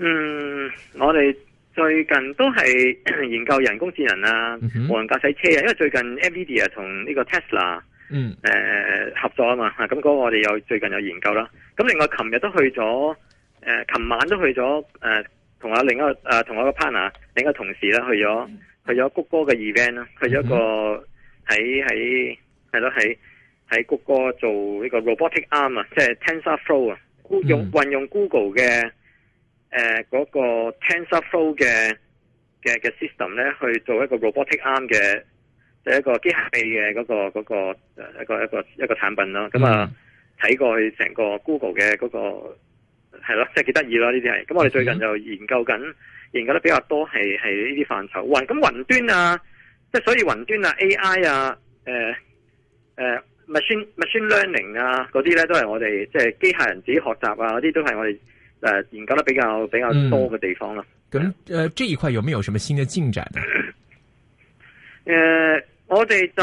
嗯，我哋最近都係研究人工智能啊，無人駕駛車啊，因為最近 NVIDIA 同呢個 Tesla 嗯誒、呃、合作啊嘛，咁、那、嗰個我哋有最近有研究啦。咁另外琴日都去咗，誒、呃，琴晚都去咗，誒、呃，同阿另一個誒，同、呃、我個 partner 另一個同事咧去咗去咗谷歌嘅 event 啦，去咗個喺喺係咯喺喺谷歌做呢個 robotic arm 啊，即係 TensorFlow 啊，用運用 Google 嘅。誒嗰、呃那個 TensorFlow 嘅嘅嘅 system 咧，去做一個 robotic arm 嘅，即、就、係、是、一個機械臂嘅嗰、那個嗰、那個、那個、一個一個一個產品囉。咁啊，睇、嗯、過去成個 Google 嘅嗰、那個係咯，即係幾得意咯呢啲係。咁我哋最近就研究緊，研究得比較多係係呢啲範疇。雲、呃、咁雲端啊，即係所以雲端啊、AI 啊、誒、呃、誒 machine machine learning 啊嗰啲咧，都係我哋即係機械人自己學習啊嗰啲，都係我哋。誒，研究得比較比較多嘅地方咯。咁、嗯，誒、嗯，這一塊有沒有什麼新嘅進展？誒、呃，我哋就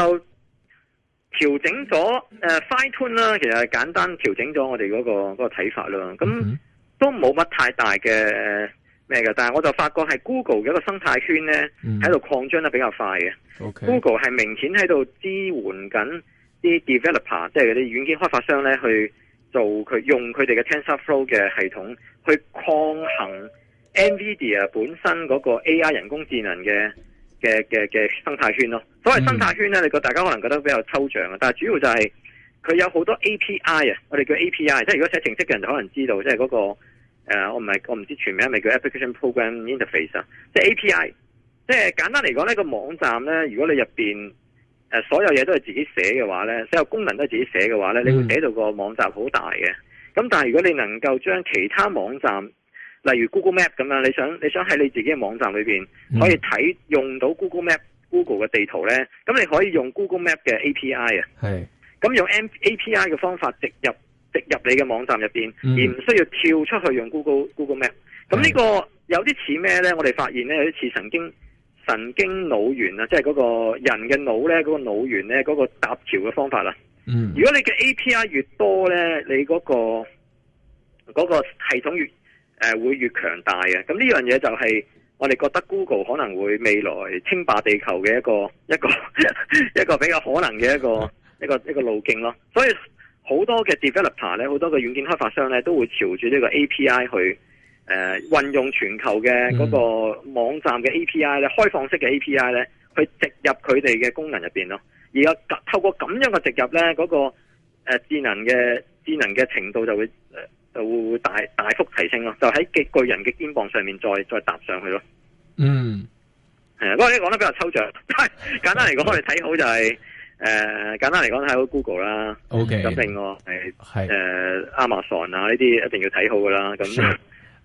調整咗，誒、呃、Fine tune 啦，其實係簡單調整咗我哋嗰、嗰個、嗰個睇法啦。咁都冇乜太大嘅咩嘅，但係我就發覺係 Google 嘅一個生態圈咧，喺度擴張得比較快嘅。嗯 okay、Google 係明顯喺度支援緊啲 developer，即係嗰啲軟件開發商咧去。做佢用佢哋嘅 TensorFlow 嘅系統去抗衡 NVIDIA 本身嗰個 AI 人工智能嘅嘅嘅嘅生態圈咯。所謂生態圈咧，你覺、嗯、大家可能覺得比較抽象啊，但係主要就係佢有好多 API 啊，我哋叫 API，即係如果寫程式嘅人就可能知道，即係嗰、個、呃、我唔係我唔知全名係咪叫 Application Program Interface 啊，即係 API，即係簡單嚟講呢個網站咧，如果你入邊。所有嘢都係自己寫嘅話咧，所有功能都係自己寫嘅話咧，你會寫到個網站好大嘅。咁、嗯、但係如果你能夠將其他網站，例如 Google Map 咁樣，你想你想喺你自己嘅網站裏面可以睇、嗯、用到 Google Map Google 嘅地圖咧，咁你可以用 Google Map 嘅 API 啊是。係。咁用 M API 嘅方法植入植入你嘅網站入面，嗯、而唔需要跳出去用 Google Google Map。咁呢個有啲似咩咧？我哋發現咧有啲似曾經。神經腦源，啊，即係嗰個人嘅腦咧，嗰、那個腦源咧，嗰、嗰個搭橋嘅方法啦。嗯，如果你嘅 API 越多咧，你嗰、嗰個、嗰個系統越誒、呃、會越強大嘅。咁呢樣嘢就係我哋覺得 Google 可能會未來稱霸地球嘅一個一個一個， 一個比較可能嘅一個、啊、一個一個路徑咯。所以好多嘅 developer 咧，好多嘅軟件開發商咧，都會朝住呢個 API 去。誒、運、呃、用全球嘅嗰個網站嘅 API 咧，mm. 開放式嘅 API 咧，去植入佢哋嘅功能入邊咯。而家透過咁樣嘅植入咧，嗰、那個誒、呃、智能嘅智能嘅程度就會誒、呃、就會大大幅提升咯。就喺極巨人嘅肩膀上面再再搭上去咯。嗯、mm. 呃，係啊，不過你講得比較抽象。簡單嚟講，我哋睇好就係誒，簡單嚟講睇好，就是呃、好 Google 啦。O K. 咁另外，係係誒，Amazon 啊呢啲一定要睇好噶啦。咁。Sure.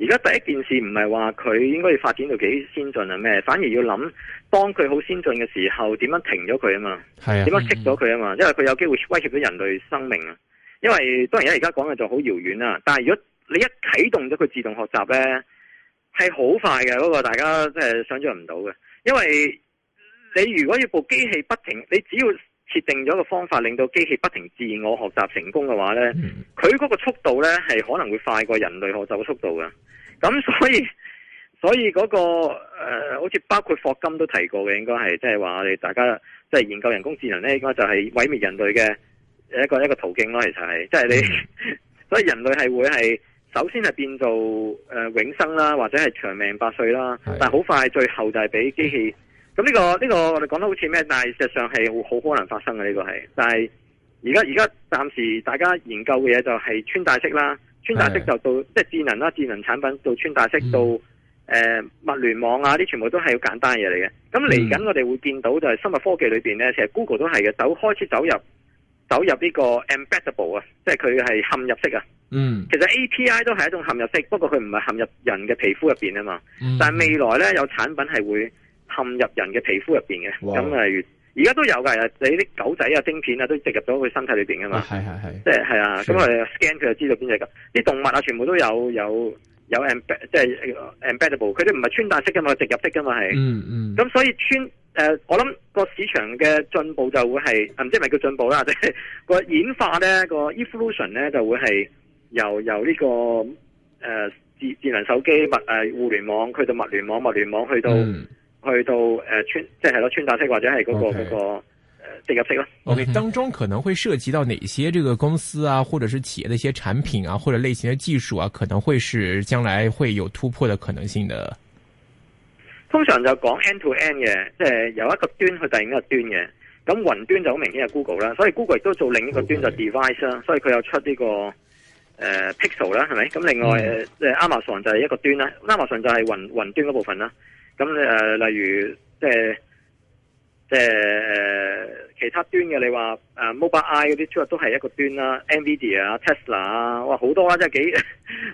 而家第一件事唔係話佢應該要發展到幾先進啊咩，反而要諗當佢好先進嘅時候點樣停咗佢啊嘛，係啊，點樣熄咗佢啊嘛，因為佢有機會威脅到人類生命啊。因為當然而家講嘅就好遙遠啦，但係如果你一啟動咗佢自動學習咧，係好快嘅嗰個，大家即係想象唔到嘅。因為你如果要部機器不停，你只要。設定咗個方法，令到機器不停自我學習成功嘅話呢，佢嗰個速度呢係可能會快過人類學習嘅速度嘅。咁所以，所以嗰、那個誒、呃，好似包括霍金都提過嘅，應該係即係話，就是、你大家即係、就是、研究人工智能呢應該就係毀滅人類嘅一個一個途徑咯。其實係，即、就、係、是、你，是的 所以人類係會係首先係變做誒、呃、永生啦，或者係長命百歲啦，但係好快，最後就係俾機器。咁呢、這個呢、這個我哋講得好似咩，但係實際上係好可能發生嘅呢個係。但係而家而家暫時大家研究嘅嘢就係穿戴式啦，穿戴式就到是的 即係智能啦，智能產品到穿戴式、嗯、到誒、呃、物聯網啊，啲全部都係好簡單嘢嚟嘅。咁嚟緊我哋會見到就係生物科技裏邊咧，其實 Google 都係嘅，走開始走入走入呢個 embedable 啊，即係佢係陷入式啊。嗯。其實 API 都係一種陷入式，不過佢唔係陷入人嘅皮膚入邊啊嘛。嗯、但係未來咧有產品係會。陷入人嘅皮膚入邊嘅，咁例如而家都有嘅，你啲狗仔啊、晶片啊，都植入到佢身體裏邊噶嘛。係係係，是是是，即係係啊。咁的我哋 scan 佢就知道邊隻嘅啲動物啊，全部都有有有 embed，即係 embedable。佢哋唔係穿戴式噶嘛，係植入式噶嘛，係、嗯。咁、嗯、所以穿誒、呃，我諗個市場嘅進步就會係，唔知係咪叫進步啦，即係個演化咧個 evolution 咧就會係由由呢、這個誒智、呃、智能手機物誒互聯網，去到物聯網，物聯網去到。嗯去到誒穿、呃，即係咯，穿戴式或者係嗰、那個嗰個植入式咯。O K，當中可能會涉及到哪些這個公司啊，或者是企業的一些產品啊，或者類型嘅技術啊，可能會是將來會有突破的可能性的。通常就講 end to end 嘅，即係由一個端去另一個端嘅。咁雲端就好明顯係 Google 啦，所以 Google 亦都做另一個端就 device，Okay. 所以佢有出呢、這個、呃、Pixel 啦，係咪？咁另外、mm. Amazon 就係一個端啦，Amazon 就係雲雲端嗰部分啦。咁誒、呃，例如即係即係其他端嘅，你話、呃、Mobile Eye 嗰啲都係一個端啦，Nvidia 啊，Tesla 啊，IA, LA, 哇好多啦，即係幾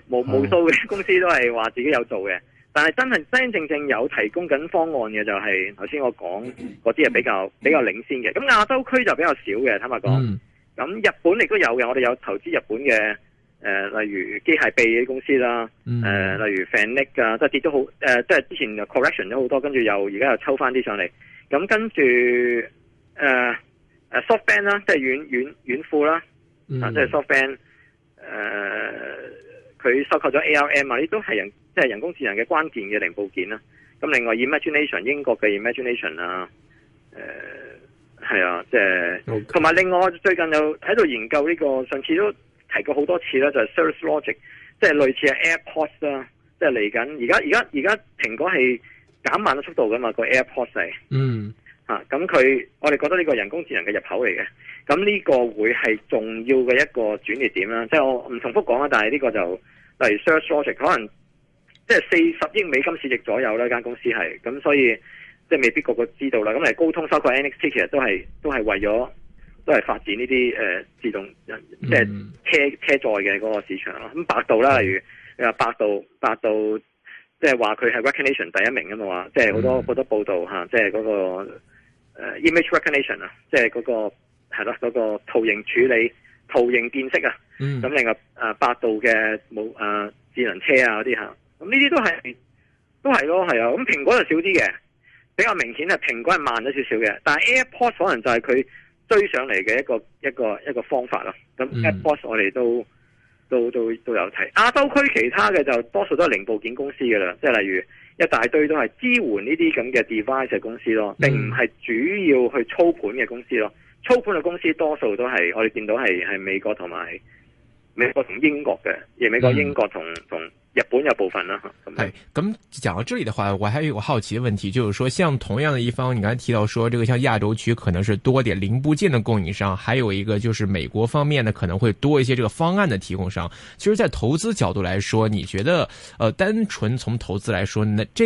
冇無數嘅公司都係話自己有做嘅。哦、但係真係真正正有提供緊方案嘅、就係，就係頭先我講嗰啲係比較比較領先嘅。咁亞洲區就比較少嘅，坦白講。咁、嗯、日本亦都有嘅，我哋有投資日本嘅。誒、呃，例如機械臂啲公司啦，誒、呃，例如 Fanuc 啊，即係跌咗好，誒、啊嗯啊，即係之前 correction 咗好多，跟住又而家又抽翻啲上嚟，咁跟住誒 SoftBank 啦，即係軟軟軟庫啦，即係 SoftBank，誒，佢收購咗 ARM 啊，呢都係人即係人工智能嘅關鍵嘅零部件啦、啊。咁另外，Imagination 英國嘅 Imagination 啊，誒、呃，係啊，即係，同埋 Okay. 另外最近又喺度研究呢、這個，上次都，提過好多次啦，就係、是、Search Logic，即係類似係 AirPods 啦，即係嚟緊。而家而家而家蘋果係減慢咗速度噶嘛，個 AirPods，嗯嚇。咁佢、mm. 啊、我哋覺得呢個人工智能嘅入口嚟嘅，咁呢個會係重要嘅一個轉折點啦。即係我唔重複講啦，但係呢個就例如 Search Logic，可能即係四十億美金市值左右啦，間公司係，咁所以即係未必個個知道啦。咁嚟高通收購 n x t 其 r 都係都係為咗。都係發展呢啲誒自動即係、就是、車、車載嘅嗰個市場，咁百度啦，嗯嗯，例如你話百度，百度即係話佢係 recognition 第一名吖嘛？即係好多好多報道，即係嗰個、呃、image recognition 啊，即係嗰個咯嗰、那個圖形處理、圖形辨識、嗯嗯、啊。咁另外誒百度嘅冇誒智能車啊嗰啲嚇，咁呢啲都係都係咯係啊。咁、啊、蘋果就少啲嘅，比較明顯係蘋果係慢咗少少嘅，但係 AirPods 可能就係佢。追上嚟嘅一個一個一個方法咯，咁 App Boss 我哋都都都都有提亞洲區其他嘅就多數都係零部件公司嘅啦，即係例如一大堆都係支援呢啲咁嘅 device 嘅公司咯，並唔係主要去操盤嘅公司咯，操盤嘅公司多數都係我哋見到係係美國同埋。美國同英國嘅，而美國、英國同同日本有部分啦。吓、嗯，咁咁講到這裏的話，我還有一個好奇嘅問題，就是說，像同樣嘅一方，你剛才提到說，這個像亞洲區可能是多點零部件的供應商，還有一個就是美國方面呢，可能會多一些這個方案的提供商。其實，在投資角度來說，你覺得，呃，單純從投資來說，呢這？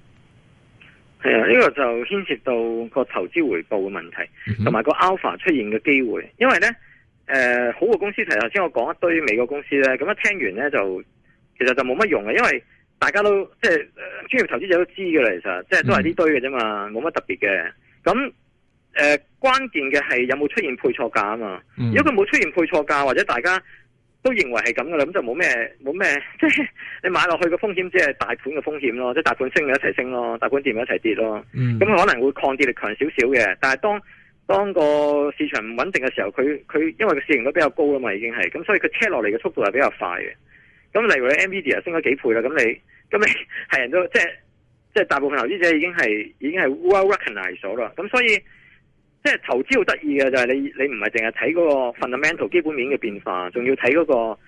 係啊，呢、這個就牽涉到個投資回報嘅問題，同埋個 alpha 出現嘅機會。因為呢，誒、呃，好嘅公司，頭先我講一堆美國公司呢，咁一聽完呢，就，其實就冇乜用嘅，因為大家都即係專業投資者都知嘅啦，其實即係都係呢堆嘅啫嘛，冇乜特別嘅。咁誒、呃，關鍵嘅係有冇出現配錯價啊嘛。如果佢冇出現配錯價，或者大家，都認為係咁噶啦，咁就冇咩冇咩，即係、就是、你買落去個風險只係大盤嘅風險咯，即、就、係、是、大盤升咪一齊升咯，大盤跌咪一齊跌咯。咁、嗯、可能會抗跌力強少少嘅，但係當當個市場唔穩定嘅時候，佢佢因為個市盈率比較高啦嘛，已經係咁，所以佢跌落嚟嘅速度係比較快嘅。咁例如你 Nvidia 升咗幾倍啦，咁你咁你係人都即係即係大部分投資者已經係已經係 well recognize 咗啦，咁所以。即係投資好得意嘅就係、是、你你唔係淨係睇嗰個 fundamental 基本面嘅變化，仲要睇嗰個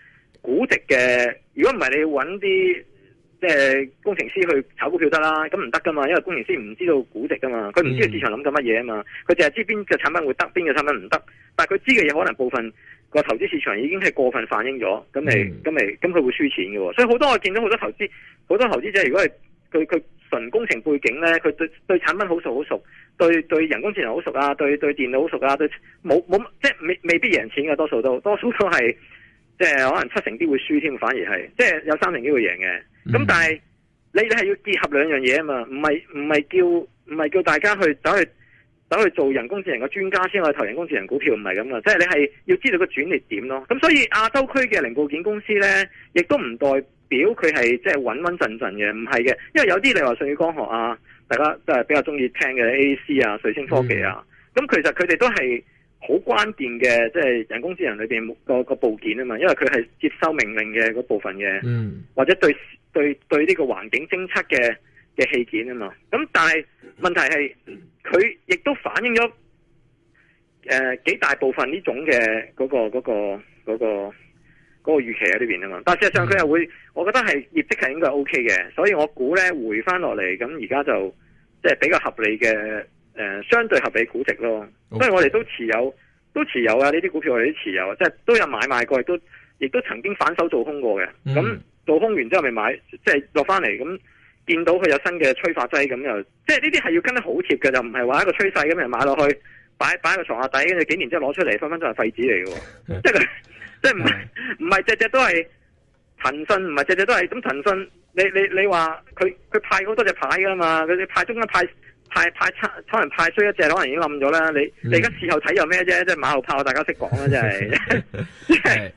估值嘅。如果唔係你揾啲即係工程師去炒股票得啦，咁唔得噶嘛，因為工程師唔知道估值噶嘛，佢唔知道市場諗緊乜嘢啊嘛，佢淨係知邊個產品會得，邊個產品唔得。但係佢知嘅嘢可能部分個投資市場已經係過分反映咗，咁咪咁咪咁佢會輸錢嘅。所以好多我見到好多投資，好多投資者如果係佢佢純工程背景咧，佢對對產品好熟好熟。對對人工智能好熟啊，對對電腦好熟啊，對冇冇即係未未必贏錢嘅，多數都多數都係即係可能七成啲會輸添，反而係即係有三成啲會贏嘅。咁、嗯、但係你你係要結合兩樣嘢啊嘛，唔係唔係叫唔係叫大家去走去走去做人工智能嘅專家先去投人工智能股票，唔係咁嘅，即係你係要知道個轉捩點咯。咁所以亞洲區嘅零部件公司呢，亦都唔代表佢係即係穩穩陣陣嘅，唔係嘅，因為有啲你話舜宇光學啊。大家都係比較中意聽嘅 AAC 啊、水星科技啊，咁、嗯、其實佢哋都係好關鍵嘅，即、就、係、是、人工智能裏邊個個部件啊嘛，因為佢係接收命令嘅嗰部分嘅，嗯、或者對對對呢個環境偵測嘅嘅器件啊嘛，咁但係問題係佢亦都反映咗，誒、呃、幾大部分呢種嘅嗰個個個。嗰個嗰個嗰個預期喺呢邊啊嘛，但係事實上佢又會，我覺得係業績係應該 O K 嘅，所以我估咧回翻落嚟咁而家就即係比較合理嘅、呃、相對合理估值咯。Okay. 所以我哋都持有，都持有啊！呢啲股票我哋都持有，即係都有買賣過，亦都亦都曾經反手做空過嘅。咁、mm. 做空完之後咪買，即係落翻嚟咁見到佢有新嘅催化劑咁又，即係呢啲係要跟得好貼嘅，就唔係話一個趨勢咁樣買落去擺擺喺個床下底，跟住幾年之後攞出嚟分分鐘係廢紙嚟嘅， 即即係唔係唔係只只都係騰訊，唔係只只都係咁騰訊。你你你話佢佢派好多隻牌噶嘛？佢派中間派派派差，可能派衰一隻，可能已經冧咗啦。你你而家事後睇有咩啫？即係馬後炮，大家識講啦，真係。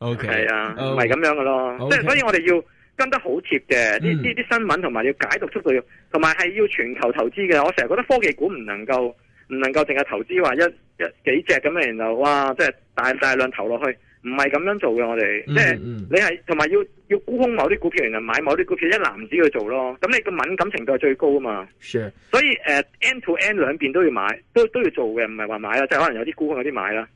O K 係啊，唔係咁樣噶咯。即係 okay, 所以我哋要跟得好貼嘅，呢呢啲新聞同埋要解讀速度，同埋係要全球投資嘅。我成日覺得科技股唔能夠唔能夠淨係投資話一一幾隻咁樣，然後哇，即係大大量投落去。唔係咁樣做嘅，我哋即係你係同埋要要沽空某啲股票，然後買某啲股票，一籃子去做咯。咁你個敏感程度係最高啊嘛。是，所以誒、uh，end to end 兩邊都要買，都都要做嘅，唔係話買啦，即係可能有啲沽空有，有啲買啦，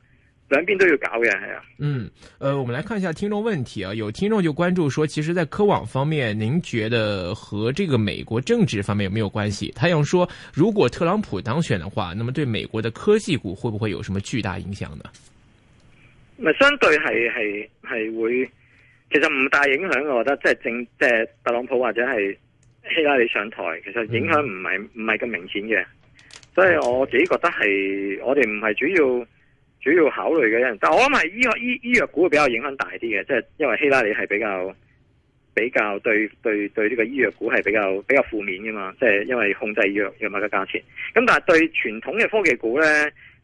兩邊都要搞嘅，係啊。嗯，呃，我們來看一下聽眾問題啊。有聽眾就關注說，其實，在科網方面，您覺得和這個美國政治方面有沒有關係？他用說，如果特朗普當選的話，那麼對美國的科技股會不會有什麼巨大影響呢？咪相對係係係會，其實唔大影響我覺得正，即係正即係特朗普或者係希拉里上台，其實影響唔係唔係咁明顯嘅。所以我自己覺得係我哋唔係主要主要考慮嘅嘢，但係我諗係醫醫醫藥股會比較影響大啲嘅，即係因為希拉里係比較比較對對對呢個醫藥股係比較比較負面噶嘛，即係因為控制藥藥物嘅價錢。咁但係對傳統嘅科技股呢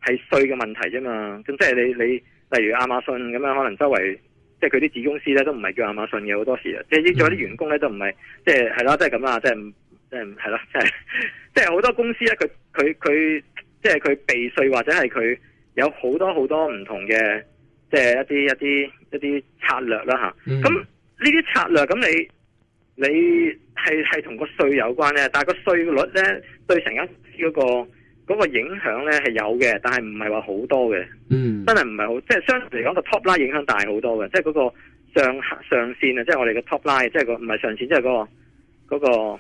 係稅嘅問題啫嘛，咁即係你你。你例如亞馬遜咁樣，可能周圍即係佢啲子公司咧都唔係叫亞馬遜嘅好多時啊，即係益咗啲員工咧都唔係，即係係啦，即係咁啊，即係即係係咯，即係即係好多公司咧，佢佢佢即係佢避稅或者係佢有好多好多唔同嘅即係一啲一啲一啲策略啦嚇。咁呢啲策略咁你你係係同個稅有關咧，但係個稅率咧對成間嗰個。嗰個影響咧係有嘅，但係唔係話好多嘅，嗯，真係唔係好，即係相對嚟講個 top line 影響大好多嘅，即係嗰個上上線啊，即係我哋個 top line，即係個唔係上線，即係嗰、嗰個即、嗰個、嗰個、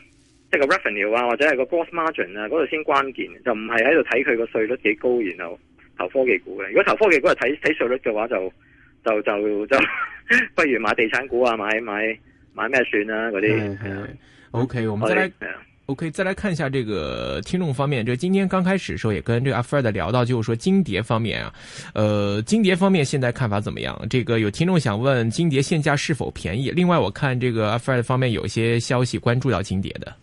即係個 revenue 啊，或者係個 gross margin 啊，嗰度先關鍵，就唔係喺度睇佢個稅率幾高，然後投科技股嘅。如果投科技股係睇睇稅率嘅話就，就就就就 不如買地產股啊，買買買咩算啦嗰啲。係係，OK，我們真係。我可以再來看一下這個聽眾方面。就今天剛開始的時候，也跟這個阿 Fred 聊到，就是說金蝶方面啊，呃，金蝶方面現在看法怎麼樣？這個有聽眾想問金蝶現價是否便宜？另外，我看這個阿 Fred 方面有一些消息關注到金蝶的。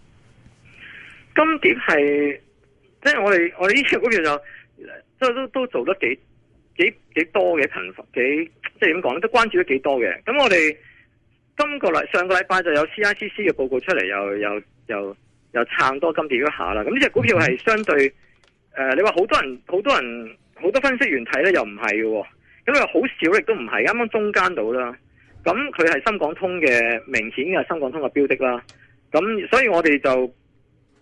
金蝶係，即係我哋我哋呢隻股票就，即係都都做得幾幾幾多嘅頻繁，幾即係點講咧，都關注得幾多嘅。咁我哋今個，上個禮上個禮拜就有 CICC 嘅報告出嚟，又又又。有有又撐多金條一下啦，咁呢隻股票係相對，誒、呃，你話好多人、好多人、好多分析員睇咧，又唔係嘅，咁又好少亦都唔係，啱啱中間到啦，咁佢係深港通嘅明顯嘅深港通嘅標的啦，咁所以我哋就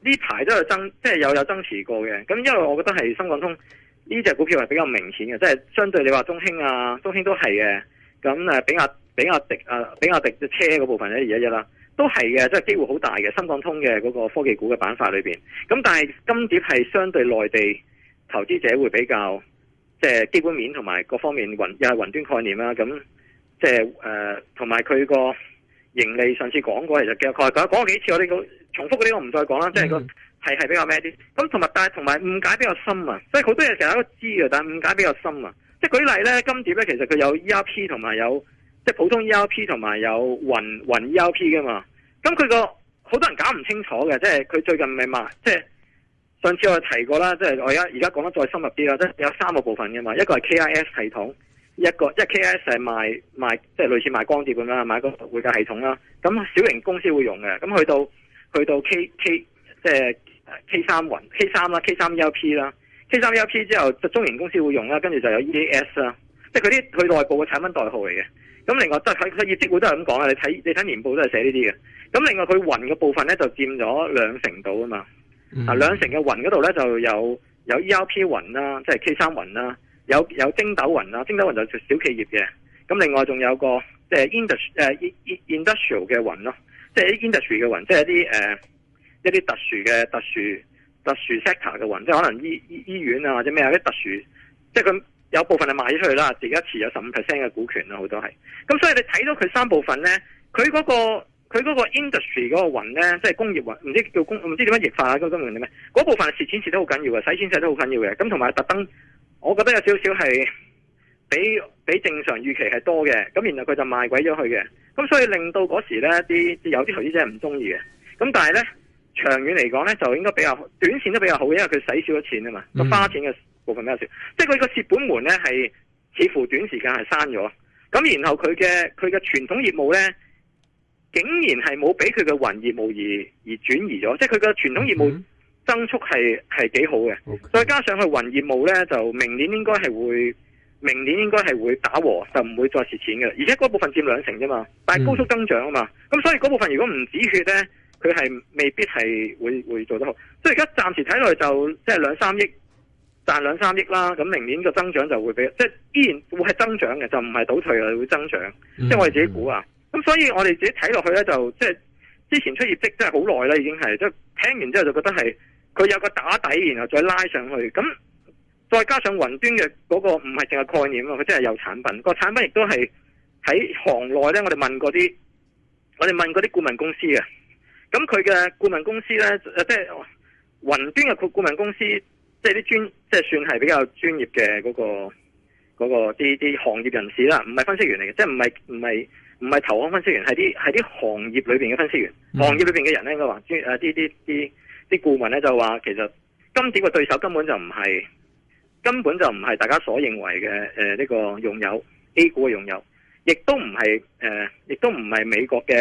呢排都有增，即係有有增持過嘅，咁因為我覺得係深港通呢隻股票係比較明顯嘅，即係相對你話中興啊、中興都係嘅，咁誒，比亞比亞迪啊、比亞迪嘅車嗰部分咧二一一啦。都係嘅，即係機會好大嘅，深港通嘅嗰個科技股嘅板塊裏面，咁但係金蝶係相對內地投資者會比較，即係基本面同埋各方面雲又係雲端概念啦。咁即係誒，同埋佢個盈利上次講過，其實其實佢佢講過幾次，我哋講重複嗰啲我唔再講啦。即係、那個係比較咩啲？咁同埋但係同埋誤解比較深啊！即係好多嘢成日都知嘅，但係誤解比較深啊！即係舉例咧，金蝶咧其實佢有 E R P 同埋有。即係普通 ERP 同埋有雲雲 ERP 噶嘛，咁佢個好多人搞唔清楚嘅，即係佢最近咪賣，即係上次我提過啦，即係我而家而家講得再深入啲啦，即係有三個部分嘅嘛，一個係 K I S 系統，一個即係 K I S 係賣賣即係類似賣光碟咁樣，買個會計系統啦，咁小型公司會用嘅，咁去到去到 K K, K 即係 K 三雲 K 三啦，K 三 ERP 啦，K 三 ERP 之後就中型公司會用啦，跟住就有 EAS 啦，即係佢啲佢內部嘅產品代號嚟嘅。咁另外即係佢佢業績會都係咁講啊！你睇你睇年報都係寫呢啲嘅。咁另外佢雲嘅部分咧就佔咗兩成度啊嘛。啊兩、嗯、成嘅雲嗰度咧就有有 ERP 雲啦，即係 K 三雲啦，有、ER 雲就是、雲有，有精斗雲啦，精斗雲就係小企業嘅。咁另外仲有個即係 industrial 誒 industrial 嘅雲咯，即、就、係、是、industry 嘅雲，即、就、係、是就是、一啲誒、呃、一啲特殊嘅特殊特殊 sector 嘅雲，即、就、係、是、可能醫醫醫院啊或者咩啊啲特殊，即係咁。有部分係賣出去啦，而家持有十五 percent 嘅股權啦，好多係。咁所以你睇到佢三部分咧，佢嗰、嗰個佢嗰個 industry 嗰個雲咧，即係工業雲，唔知叫工唔知點樣液化啊嗰啲咁咩？嗰部分蝕錢蝕得好緊要啊，使錢使得好緊要嘅。咁同埋特登，我覺得有少少係比比正常預期係多嘅。咁然後佢就賣鬼咗去嘅。咁所以令到嗰時咧啲有啲投資者係唔中意嘅。咁但係咧，長遠嚟講咧就應該比較好，短線都比較好，因為佢使少咗錢啊嘛，花錢嘅。嗯部分比較少，即係佢個蝕本門咧係似乎短時間係閂咗，咁然後佢嘅佢嘅傳統業務咧，竟然係冇俾佢嘅雲業務而而轉移咗，即係佢嘅傳統業務增速係係幾好嘅，Okay. 再加上佢雲業務咧就明年應該係會，明年應該係會打和，就唔會再蝕錢嘅，而且嗰部分佔兩成啫嘛，但係高速增長啊嘛，咁、嗯、所以嗰部分如果唔止血咧，佢係未必係會會做得好，所以而家暫時睇落就即係兩三億。賺兩三億啦，咁明年個增長就會比即係依然會係增長嘅，就唔係倒退啊，會增長。即係、嗯、我哋自己估啊，咁所以我哋自己睇落去咧，就即係之前出業績真係好耐啦，已經係即係聽完之後就覺得係佢有個打底，然後再拉上去，咁再加上雲端嘅嗰個唔係淨係概念啊，佢真係有產品，個產品亦都係喺行內咧，我哋問過啲，我哋問嗰啲顧問公司嘅，咁佢嘅顧問公司咧，即係雲端嘅顧顧問公司。即係啲專，即係算係比較專業嘅嗰、嗰個、嗰個啲啲行業人士啦，唔係分析員嚟嘅，即係唔係唔係唔係投行分析員，係啲係啲行業裏邊嘅分析員，行業裏邊嘅人咧應該話專誒啲啲啲啲顧問咧就話，其實金蝶嘅對手根本就唔係，根本就唔係大家所認為嘅誒呢個用友 A 股嘅用友，亦都唔係誒，亦、呃、都唔係美國嘅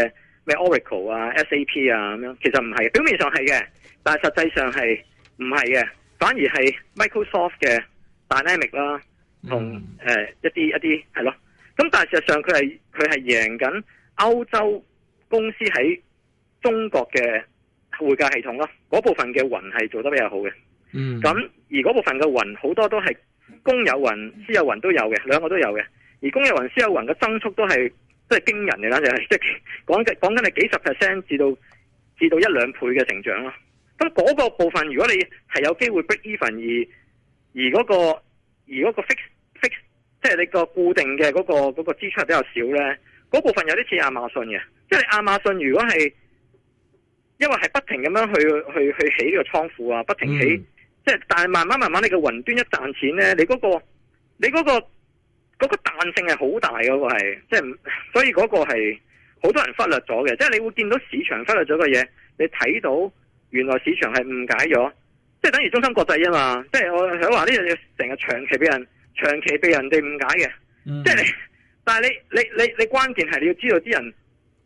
咩 Oracle 啊、SAP 啊咁樣，其實唔係，表面上係嘅，但係實際上係唔係嘅。反而係 Microsoft 嘅 Dynamic 啦，同誒、mm. 呃、一啲一啲係咯。咁但係事實上佢係佢係贏緊歐洲公司喺中國嘅會計系統咯。嗰部分嘅雲係做得比較好嘅。咁、mm. 而嗰部分嘅雲好多都係公有雲、私有雲都有嘅，兩個都有嘅。而公有雲、私有雲嘅增速都係都係驚人嘅啦，就係即係講緊講緊係幾十 percent 至到至到一兩倍嘅成長咯。咁嗰個部分，如果你係有機會 break even 而而嗰、那個而 fix fix，即係你個固定嘅嗰、那個嗰、那個、支出比較少咧，嗰部分有啲似亞馬遜嘅，即係亞馬遜如果係因為係不停咁樣去去去，去起呢個倉庫啊，不停起，嗯、即係但係慢慢慢慢你嘅雲端一賺錢咧，你嗰、那個你嗰、那個嗰、那個、彈性係好大㗎、那個係即係所以嗰個係好多人忽略咗嘅，即係你會見到市場忽略咗嘅嘢，你睇到。原來市場係誤解咗，即係等於中芯國際啊嘛，即係我想話呢樣嘢成日長期俾人長期被人哋誤解嘅，嗯、即係，但係你你你你關鍵係你要知道啲人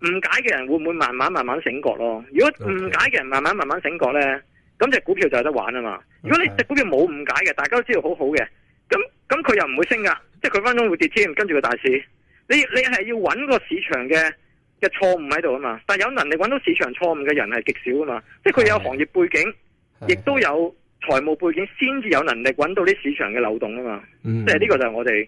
誤解嘅人會唔會慢慢慢慢醒覺咯？如果誤解嘅人慢慢慢慢醒覺咧，咁隻股票就有得玩啊嘛。嗯、如果你隻股票冇誤解嘅，大家都知道好好嘅，咁咁佢又唔會升噶，即係佢分鐘會跌添，跟住個大市。你你係要揾個市場嘅。嘅錯誤喺度啊嘛，但係有能力揾到市場錯誤嘅人係極少啊嘛，即係佢有行業背景，亦都的有財務背景先至有能力揾到啲市場嘅漏洞啊嘛，嗯、即係呢個就係我哋。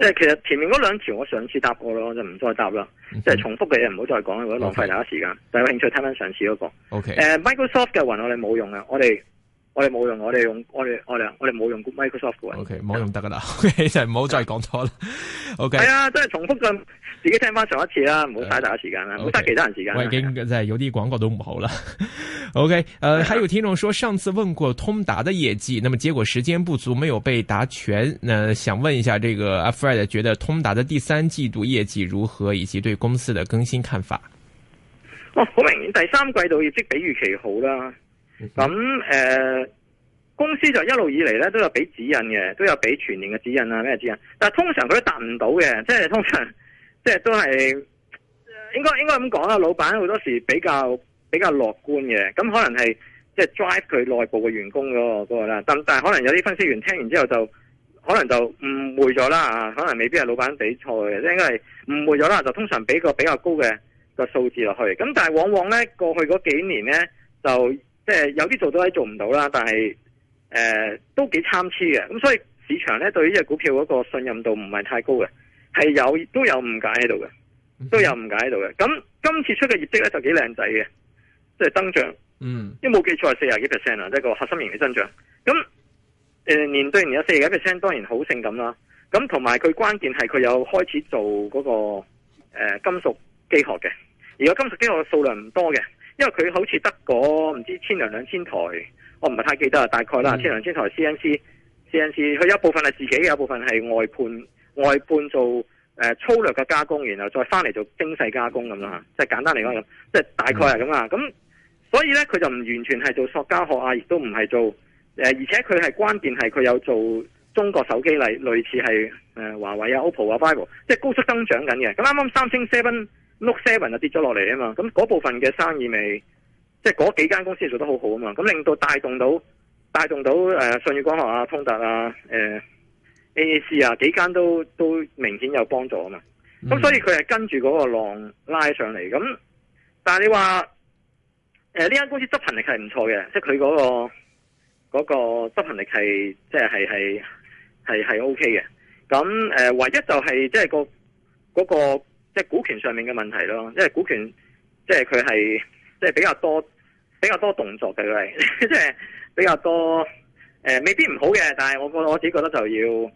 即係其實前面嗰兩條我上次答過咯，就唔再答啦，Okay. 即係重複嘅嘢唔好再講啦，或者浪費大家時間。Okay. 但係興趣聽翻上次嗰、嗰個。OK，誒、uh, Microsoft 嘅雲我哋冇用啊，我哋。我哋冇用，我哋用，我哋我哋我哋冇用 Microsoft OK 冇用得噶啦，OK 就唔好再講多啦，OK 係啊，真係 okay, 重複嘅，自己聽翻上一次啦，唔好嘥大家時間啦，咁嘥 okay, 其他人時間。我已經真係有啲廣告都唔好啦，OK，誒、呃，啊、還有聽眾說上次問過通達嘅業績，那麼結果時間不足，沒有被答全，那、呃、想問一下，這個阿 Fred 覺得通達嘅第三季度業績如何，以及對公司的更新看法？哦，好明顯第三季度業績比預期好啦。咁誒、呃，公司就一路以嚟咧都有俾指引嘅，都有俾全年嘅指引啊，咩指引？但係通常佢都達唔到嘅，即係通常即係都係應該應該咁講啦。老闆好多時比較比較樂觀嘅，咁可能係即係 drive 佢內部嘅員工嗰、嗰個嗰、嗰個啦。但但係可能有啲分析員聽完之後就可能就誤會咗啦，可能未必係老闆俾錯嘅，即係應該係誤會咗啦，就通常俾個比較高嘅個數字落去。咁但係往往咧過去嗰幾年咧就。即係有啲做到，啲做唔到啦。但係誒，都幾參差嘅。咁所以市場咧，對於呢隻股票嗰個信任度唔係太高嘅，係有都有誤解喺度嘅，都有誤解喺度嘅。咁今次出嘅業績咧就幾靚仔嘅，即係增長，嗯，因冇記錯係四廿幾 percent 啊，即係個核心盈利增長。咁誒，年對年有四廿幾 percent，當然好性感啦。咁同埋佢關鍵係佢有開始做嗰個誒金屬機殼嘅。而家金屬機殼嘅數量唔多嘅。因為佢好似得個唔知千零兩千台，我唔係太記得啦，大概啦，嗯、千零千台 CNC CNC 佢一部分係自己的，嘅，有部分係外判外判做誒、呃、粗略嘅加工，然後再翻嚟做精細加工咁咯吓，即係簡單嚟講咁，即係大概係咁啊。咁、嗯、所以咧，佢就唔完全係做塑膠殼啊，亦都唔係做誒、呃，而且佢係關鍵係佢有做中國手機類類似係誒、呃、華為啊、OPPO 啊、Vivo，即係高速增長緊嘅。咁啱啱三星 Seven。look seven 啊跌咗落嚟啊嘛，咁嗰部分嘅生意咪即係嗰幾間公司做得好好啊嘛，咁令到帶動到帶動到誒舜宇光學達、呃、啊、通達啊、誒 A A C 啊幾間都都明顯有幫助啊嘛，咁所以佢係跟住嗰個浪拉上嚟，咁但係你話誒呢間公司執行力係唔錯嘅，即係佢嗰個嗰、嗰個執行力係即係係係係係 O K 嘅，咁、就、誒、是 OK 呃、唯一就係即係個嗰個。那個即係股權上面嘅問題咯，因為股權即係佢係即係比較多比較多動作嘅佢，係即係比較多誒，呃，未必唔好嘅，但係我我我自己覺得就要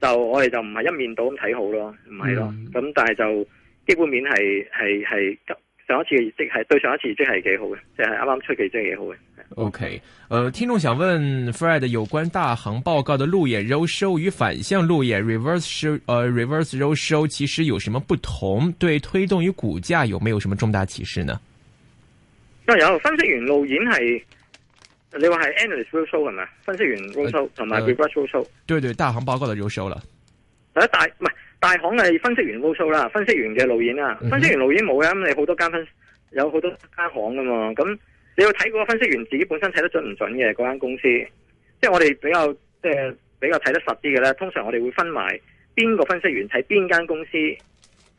就我哋就唔係一面倒咁睇好咯，唔係咯，咁，嗯，但係就基本面係係係急。是是上一次嘅業績係，對上一次業績係幾好嘅，即係啱啱出嘅業績真係幾好嘅。OK，誒、呃，聽眾想問 Fred 有關大行報告的路演 roadshow 與反向、呃、路演 reverse roadshow 誒，reverse roadshow 其實有什麼不同？對推動與股價有沒有什麼重大啟示呢？都有，分析員路演係你話係 analyst roadshow 係嘛？分析員 roadshow 同埋 reverse roadshow 對對，大行報告的 roadshow 啦。誒，大唔係。大行係分析員 research 啦，分析員嘅路演啦，分析員路演冇嘅，咁你好多間分有好多間行噶嘛，咁你要睇嗰個分析員自己本身睇得準唔準嘅嗰間公司，即係我哋比較即係、呃、比較睇得實啲嘅咧，通常我哋會分埋邊個分析員睇邊間公司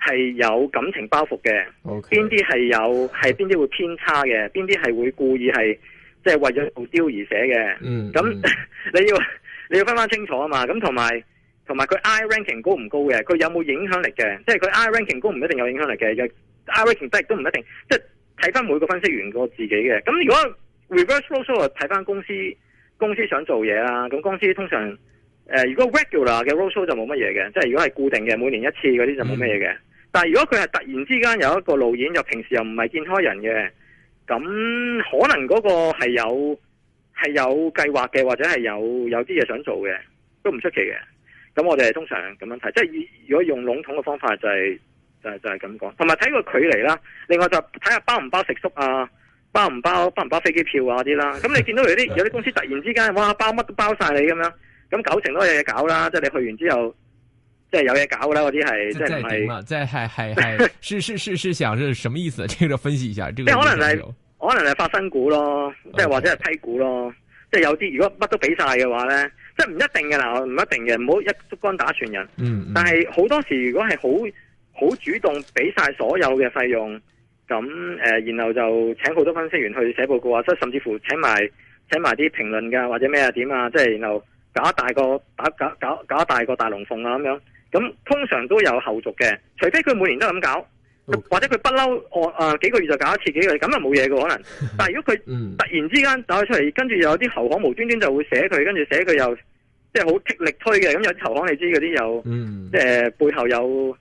係有感情包袱嘅，邊啲係有係邊啲會偏差嘅，邊啲係會故意係即係為咗做 deal 而寫嘅，咁、mm hmm. 你要你要分翻清楚啊嘛，咁同埋。同埋佢 I ranking 高唔高嘅？佢有冇影響力嘅？即係佢 I ranking 高唔一定有影響力嘅，I ranking 低亦都唔一定。即係睇翻每個分析員個自己嘅。咁如果 reverse road show 睇翻公司，公司想做嘢啦，咁公司通常、呃、如果 regular 嘅 road show 就冇乜嘢嘅，即係如果係固定嘅每年一次嗰啲就冇乜嘢嘅。但係如果佢係突然之間有一個路演，又平時又唔係見開人嘅，咁可能嗰個係有係有計劃嘅，或者係有有啲嘢想做嘅，都唔出奇嘅。咁我哋係通常咁樣睇，即係如果用籠統嘅方法就係就係就係咁講，同埋睇個距離啦。另外就睇下包唔包食宿啊，包唔包包唔包飛機票啊啲啦。咁你見到有啲有啲公司突然之間哇包乜都包晒你咁樣，咁九成都有嘢搞啦。即係你去完之後，即係有嘢搞啦嗰啲係，即係係係係係，想係咩意思？即係要分析一下，即係可能係發新股囉，即係或者係批股囉。即係有啲，如果乜都畀晒嘅話呢即係唔一定嘅啦，唔一定嘅，唔好一竹竿打船人。嗯嗯，但係好多時，如果係好好主動畀晒所有嘅費用，咁誒、呃，然後就請好多分析員去寫報告啊，即係甚至乎請埋請埋啲評論噶或者咩啊點啊，即係然後搞一個大個打搞搞搞一大個大龍鳳啊咁樣，咁通常都有後續嘅，除非佢每年都咁搞。Okay. 或者佢不嬲，我、哦、啊、呃、幾個月就搞一次，幾個月咁就冇嘢嘅可能。但係如果佢突然之間搞咗出嚟， 嗯、跟住又有啲投行無端端就會寫佢，跟住寫佢又即係好極力推嘅。咁有啲投行你知嗰啲又即係背後有，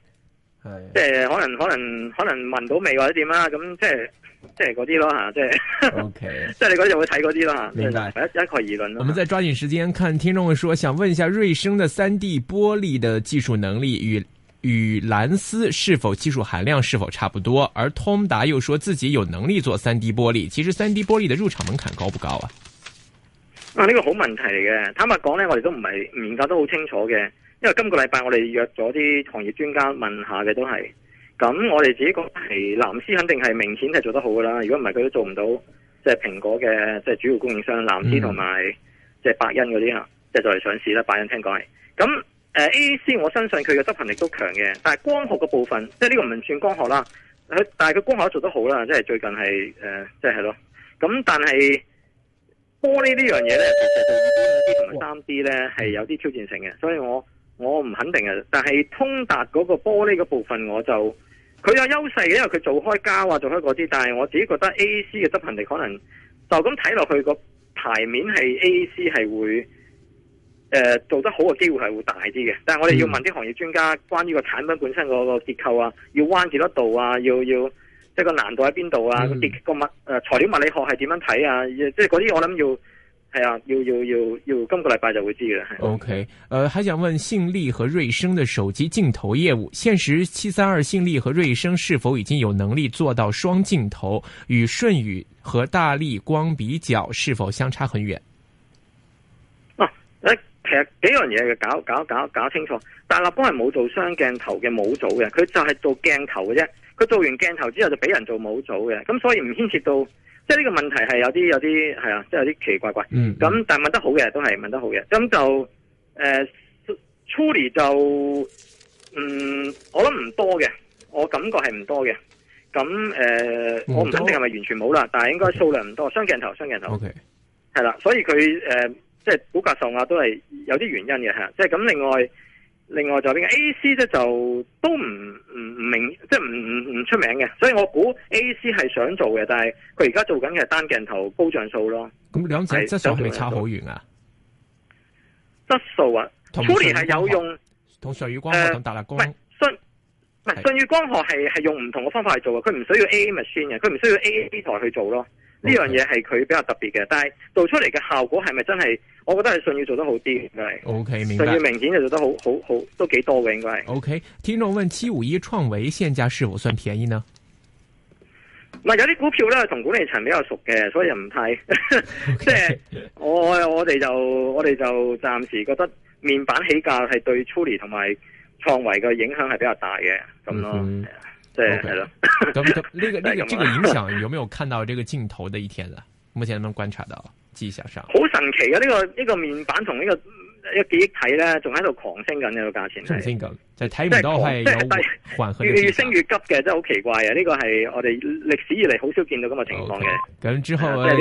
嗯、即係可能可能可能聞到味或者點啦。咁即係即係嗰啲咯吓，即係即係 Okay. 你嗰啲就會睇嗰啲咯吓白，一一概而論咯。我們再抓緊時間看聽眾會說，想問一下瑞聲的 3D 玻璃的技術能力與。與藍思是否技術含量是否差不多？而通達又說自己有能力做三 D 玻璃，其實三 D 玻璃的入場門檻高不高啊？啊，呢個好問題嚟嘅。坦白講呢，我哋都唔係研究得好清楚嘅，因為今個禮拜我哋約咗啲行業專家問下嘅都係。咁我哋自己講，係藍思肯定係明顯係做得好噶啦，如果唔係佢都做唔到，即係蘋果嘅即係主要供應商藍思同埋即係百恩嗰啲啊，即係就嚟上市啦。百恩聽講係咁。誒，A A C 我相信佢嘅執行力都強嘅，但係光學嘅部分，即係呢個唔係完全光學啦，佢但係佢光學做得好啦，即係最近係誒，即係咯，咁、就是、但係玻璃呢樣嘢咧，其實二 D 同埋三 D 咧係有啲挑戰性嘅，所以我我唔肯定嘅，但係通達嗰個玻璃嘅部分，我就佢有優勢嘅，因為佢做開膠啊，做開嗰啲，但係我自己覺得 A A C 嘅執行力可能就咁睇落去個牌面係 A A C 係會。誒、呃，做得好嘅機會係會大啲嘅，但係我哋要問啲行業專家關於個產品本身個個結構啊，嗯、要彎幾多度啊，要要即係、這個難度喺邊度啊？跌個物誒，材料物理學係點樣睇啊？即係嗰啲我諗要係啊，要要要要今、這個禮拜就會知嘅。O K，誒，還想問信利和瑞聲嘅手機鏡頭業務，現時七三二信利和瑞聲是否已經有能力做到雙鏡頭？與舜宇和大立光比較，是否相差很遠？啊，誒、哎。其實幾樣嘢要搞搞搞搞清楚，大立邦係冇做雙鏡頭嘅模組嘅，佢就係做鏡頭嘅啫。佢做完鏡頭之後就俾人做模組嘅，咁所以唔牽涉到，即係呢個問題係有啲有啲係啊，即、就、係、係、有啲奇怪怪。咁、嗯、但係問得好嘅都係問得好嘅，咁就誒 c、呃、就嗯，我諗唔多嘅，我的感覺係唔多嘅。咁誒，呃、多我唔肯定係咪完全冇啦，但係應該數量唔多，雙鏡 Okay. 頭，雙鏡頭。O K。係啦，所以佢誒。呃即係估格受壓、啊、都係有啲原因嘅吓，即係咁。另外，另外就係邊個 A C 咧就都唔唔唔明，即係唔唔唔出名嘅。所以我估 A C 係想做嘅，但係佢而家做緊嘅係單鏡頭高像素咯。咁兩、嗯、是者質素係咪差是好遠啊？質素啊，去年係有用同信宇光學等達立光唔係信唔係信宇光學係係用唔同嘅方法去做啊。佢唔需要 A A machine 嘅，佢唔需要 A A 台去做咯。呢樣嘢係佢比較特別嘅，但係做出嚟嘅效果係咪真係？我覺得係信要做得好啲，係。O、okay, K，明。信宇明顯就做得好好好，都幾多嘅應該。O K，聽眾問：七五一創維現價是否算便宜呢？唔係有啲股票咧，同管理層比較熟嘅，所以又唔太即係 Okay. 就是、我我哋就我哋就暫時覺得面板起價係對 Tuly 同埋創維嘅影響係比較大嘅，咁咯。嗯即係係咯咁呢個呢個這個影響有沒有看到這個盡頭的一天啊，目前能唔能觀察到迹象上，好神奇啊。呢個呢個面板同呢個一個記憶體咧，仲喺度狂升緊呢個價錢，仲升緊，就睇唔到係有 越越升越急嘅，真係好奇怪啊！呢、這個係我哋歷史以嚟好少見到咁嘅情況嘅。咁、okay. 之後咧。